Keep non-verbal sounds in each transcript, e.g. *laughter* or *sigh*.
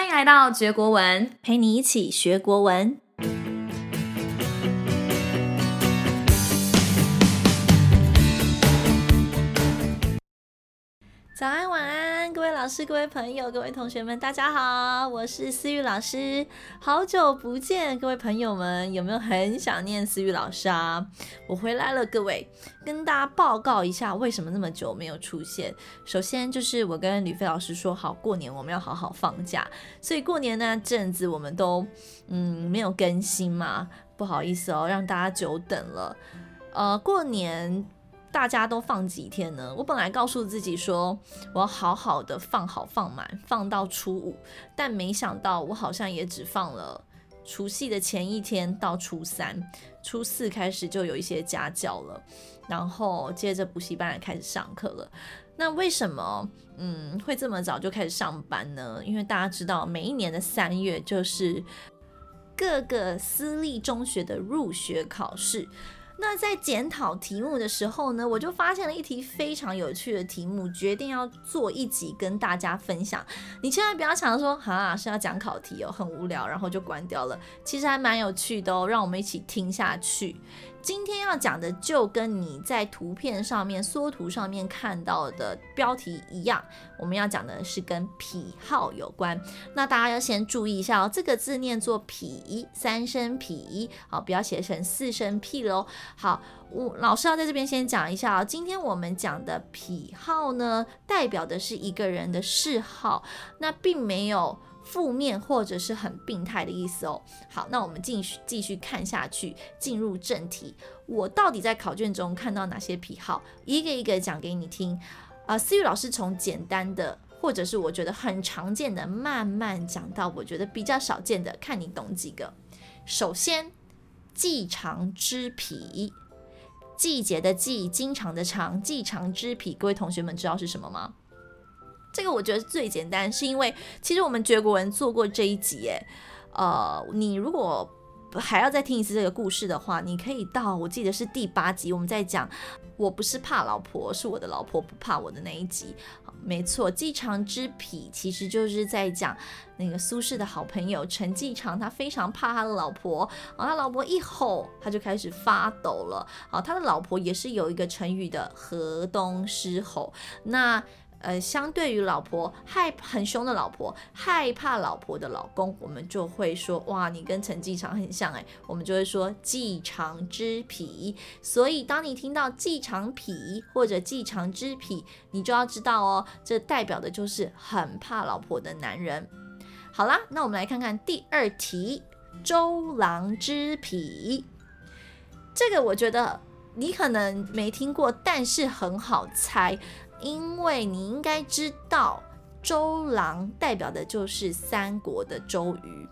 歡迎來到嚼國文，陪你一起學國文。早安，晚安。各位老師、各位朋友、各位同學們，大家好，我是思雨老師，好久不見，各位朋友們有沒有很想念思雨老師啊？我回來了，各位，跟大家報告一下為什麼那麼久沒有出現。首先就是我跟呂飛老師說好，過年我們要好好放假，所以過年那陣子我們都嗯沒有更新嘛，不好意思哦，讓大家久等了。呃，過年。大家都放幾天呢？我本來告訴自己說，我要好好的放好放滿，放到初五。但沒想到，我好像也只放了除夕的前一天到初三，初四開始就有一些家教了，然後接着補習班也開始上課了。那為什麼嗯，會這麼早就開始上班呢？因為大家知道，每一年的三月就是各個私立中學的入學考試。那在檢討題目的時候呢，我就發現了一題非常有趣的題目，決定要做一集跟大家分享。你千萬不要想說，好、啊，老師要講考題哦，很無聊，然後就關掉了。其實還蠻有趣的哦，讓我們一起聽下去。今天要講的就跟你在圖片上面、縮圖上面看到的標題一樣，我們要講的是跟癖好有關。那大家要先注意一下哦，這個字念作癖，三聲癖，好，不要寫成四聲屁嘍。癖好，我老師要在這邊先講一下啊、哦。今天我們講的癖好呢，代表的是一個人的嗜好，那並沒有負面或者是很病態的意思哦。好，那我們繼續繼續看下去，進入正題。我到底在考卷中看到哪些癖好？一個一個講給你聽。啊、呃，思雨老師從簡單的，或者是我覺得很常見的，慢慢講到我覺得比較少見的，看你懂幾個。首先。季常之癖，季節的季，經常的常，季常之癖，各位同學們知道是什麼嗎？這個我覺得最簡單，是因為其實我們嚼國文做過這一集，誒，呃，你如果還要再聽一次這個故事的話，你可以到我記得是第八集，我們在講我不是怕老婆，是我的老婆不怕我的那一集。沒錯，季常之癖其實就是在講那個蘇軾的好朋友陳季常，他非常怕他的老婆，啊，他老婆一吼，他就開始發抖了。好，他的老婆也是有一個成語的“河東獅吼”。那呃，相對於老婆害很凶的老婆害怕老婆的老公，我們就會說哇，你跟陳季常很像誒。我們就會說季常之癖。所以當你聽到季常癖或者季常之癖，你就要知道哦，這代表的就是很怕老婆的男人。好啦，那我們來看看第二題，周郎之癖。這個我覺得你可能沒聽過，但是很好猜。因為你應該知道，周郎代表的就是三國的周瑜。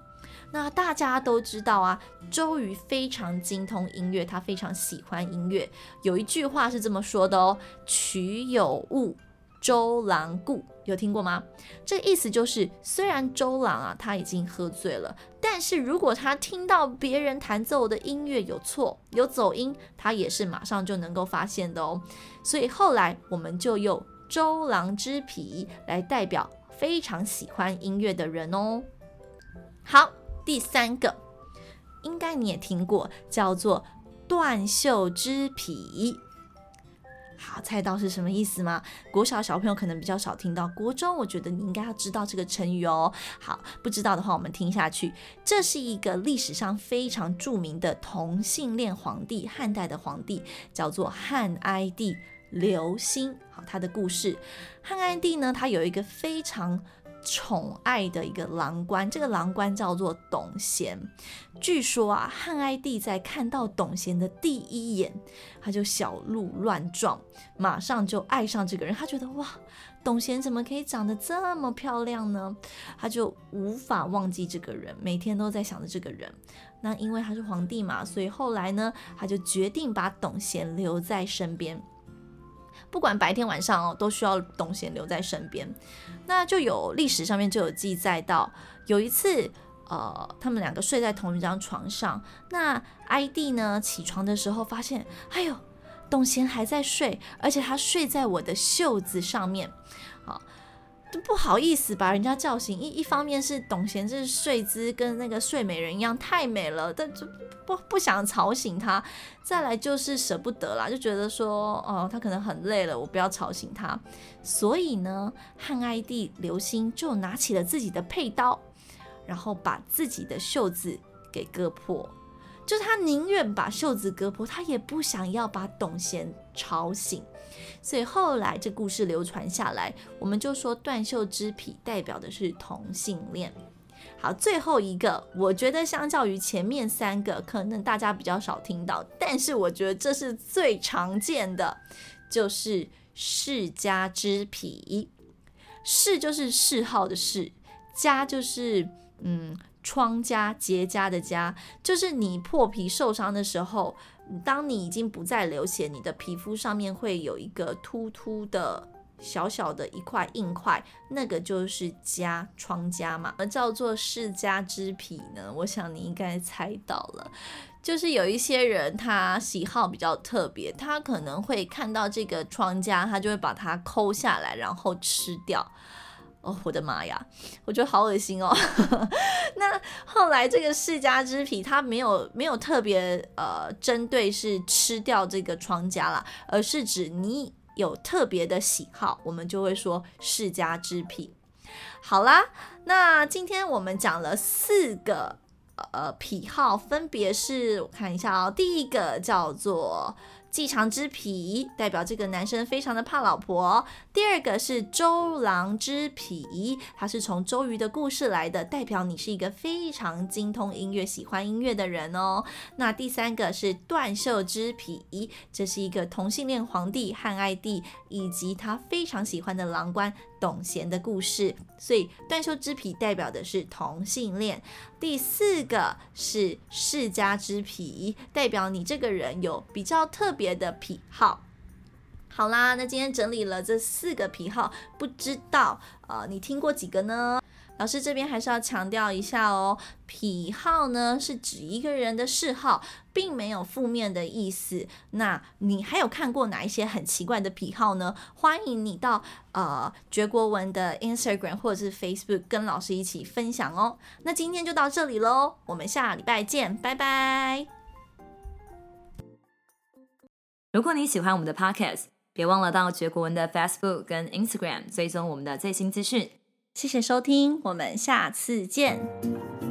那大家都知道啊，周瑜非常精通音樂，他非常喜歡音樂。有一句話是這麼說的哦：“曲有誤。”周郎顧，有聽過嗎？這個意思就是，雖然周郎啊他已經喝醉了，但是如果他聽到別人彈奏的音樂有錯、有走音，他也是馬上就能夠發現的哦。所以後來我們就用「周郎之癖」來代表非常喜歡音樂的人哦。好，第三個應該你也聽過，叫做斷袖之，斷袖之癖。好，猜到是什麼意思嗎？國小的小朋友可能比較少聽到，國中我覺得你應該要知道這個成語哦。好，不知道的話，我們聽下去。這是一個歷史上非常著名的同性戀皇帝，漢代的皇帝叫做漢哀帝劉欣。好，他的故事，漢哀帝呢，他有一個非常。寵愛的一個郎官，這個郎官叫做董賢。據說啊，漢哀帝在看到董賢的第一眼，他就小鹿亂撞，馬上就愛上這個人。他覺得哇，董賢怎麼可以長得這麼漂亮呢？他就無法忘記這個人，每天都在想着這個人。那因為他是皇帝嘛，所以後來呢，他就決定把董賢留在身邊。不管白天晚上哦，都需要董賢留在身邊。那就有歷史上面就有記載到，有一次，呃，他們兩個睡在同一張床上。那哀帝呢，起床的時候發現，哎呦，董賢還在睡，而且他睡在我的袖子上面，哦都不好意思把人家叫醒，一一方面是董賢這睡姿跟那個睡美人一樣太美了，但就不不想吵醒他，再來就是捨不得啦，就覺得說，哦，他可能很累了，我不要吵醒他。所以呢，漢哀帝劉欣就拿起了自己的佩刀，然後把自己的袖子給割破，就是他寧願把袖子割破，他也不想要把董賢吵醒。所以後來這故事流傳下來，我們就說斷袖之癖代表的是同性戀。好，最後一個，我覺得相較於前面三個，可能大家比較少聽到，但是我覺得這是最常見的，就是嗜痂之癖。嗜就是嗜好的嗜，痂就是嗯。瘡痂結痂的痂，就是你破皮受傷的時候，當你已經不再流血，你的皮膚上面會有一個凸凸的小小的一塊硬塊，那個就是痂瘡痂嘛。而叫做嗜痂之癖呢，我想你應該猜到了，就是有一些人他喜好比較特別，他可能會看到這個瘡痂，他就會把它摳下來然後吃掉。哦、我的媽呀，我覺得好噁心哦。 *laughs* 那後來這個嗜痂之癖，它沒有沒有特別呃針對是吃掉這個瘡痂啦，而是指你有特別的喜好，我們就會說嗜痂之癖。好啦，那今天我們講了四個呃癖好，分別是我看一下啊，哦，第一個叫做。季常之癖代表這個男生非常的怕老婆。第二個是周郎之癖，他是從周瑜的故事來的，代表你是一個非常精通音樂、喜歡音樂的人哦。那第三個是斷袖之癖，這是一個同性戀皇帝漢哀帝以及他非常喜歡的郎官董賢的故事，所以斷袖之癖代表的是同性戀。第四個是世家之癖，代表你這個人有比較特。別的癖好，好啦，那今天整理了這四個癖好，不知道呃你聽過幾個呢？老師這邊還是要強調一下哦，癖好呢是指一個人的嗜好，並沒有負面的意思。那你還有看過哪一些很奇怪的癖好呢？歡迎你到呃嚼國文的 Instagram 或者是 Facebook 跟老師一起分享哦。那今天就到這裡嘍，我們下禮拜見，拜拜。如果你喜歡我們的 Podcast，別忘了到嚼國文的 Facebook 跟 Instagram 追蹤我們的最新資訊。謝謝收聽，我們下次見。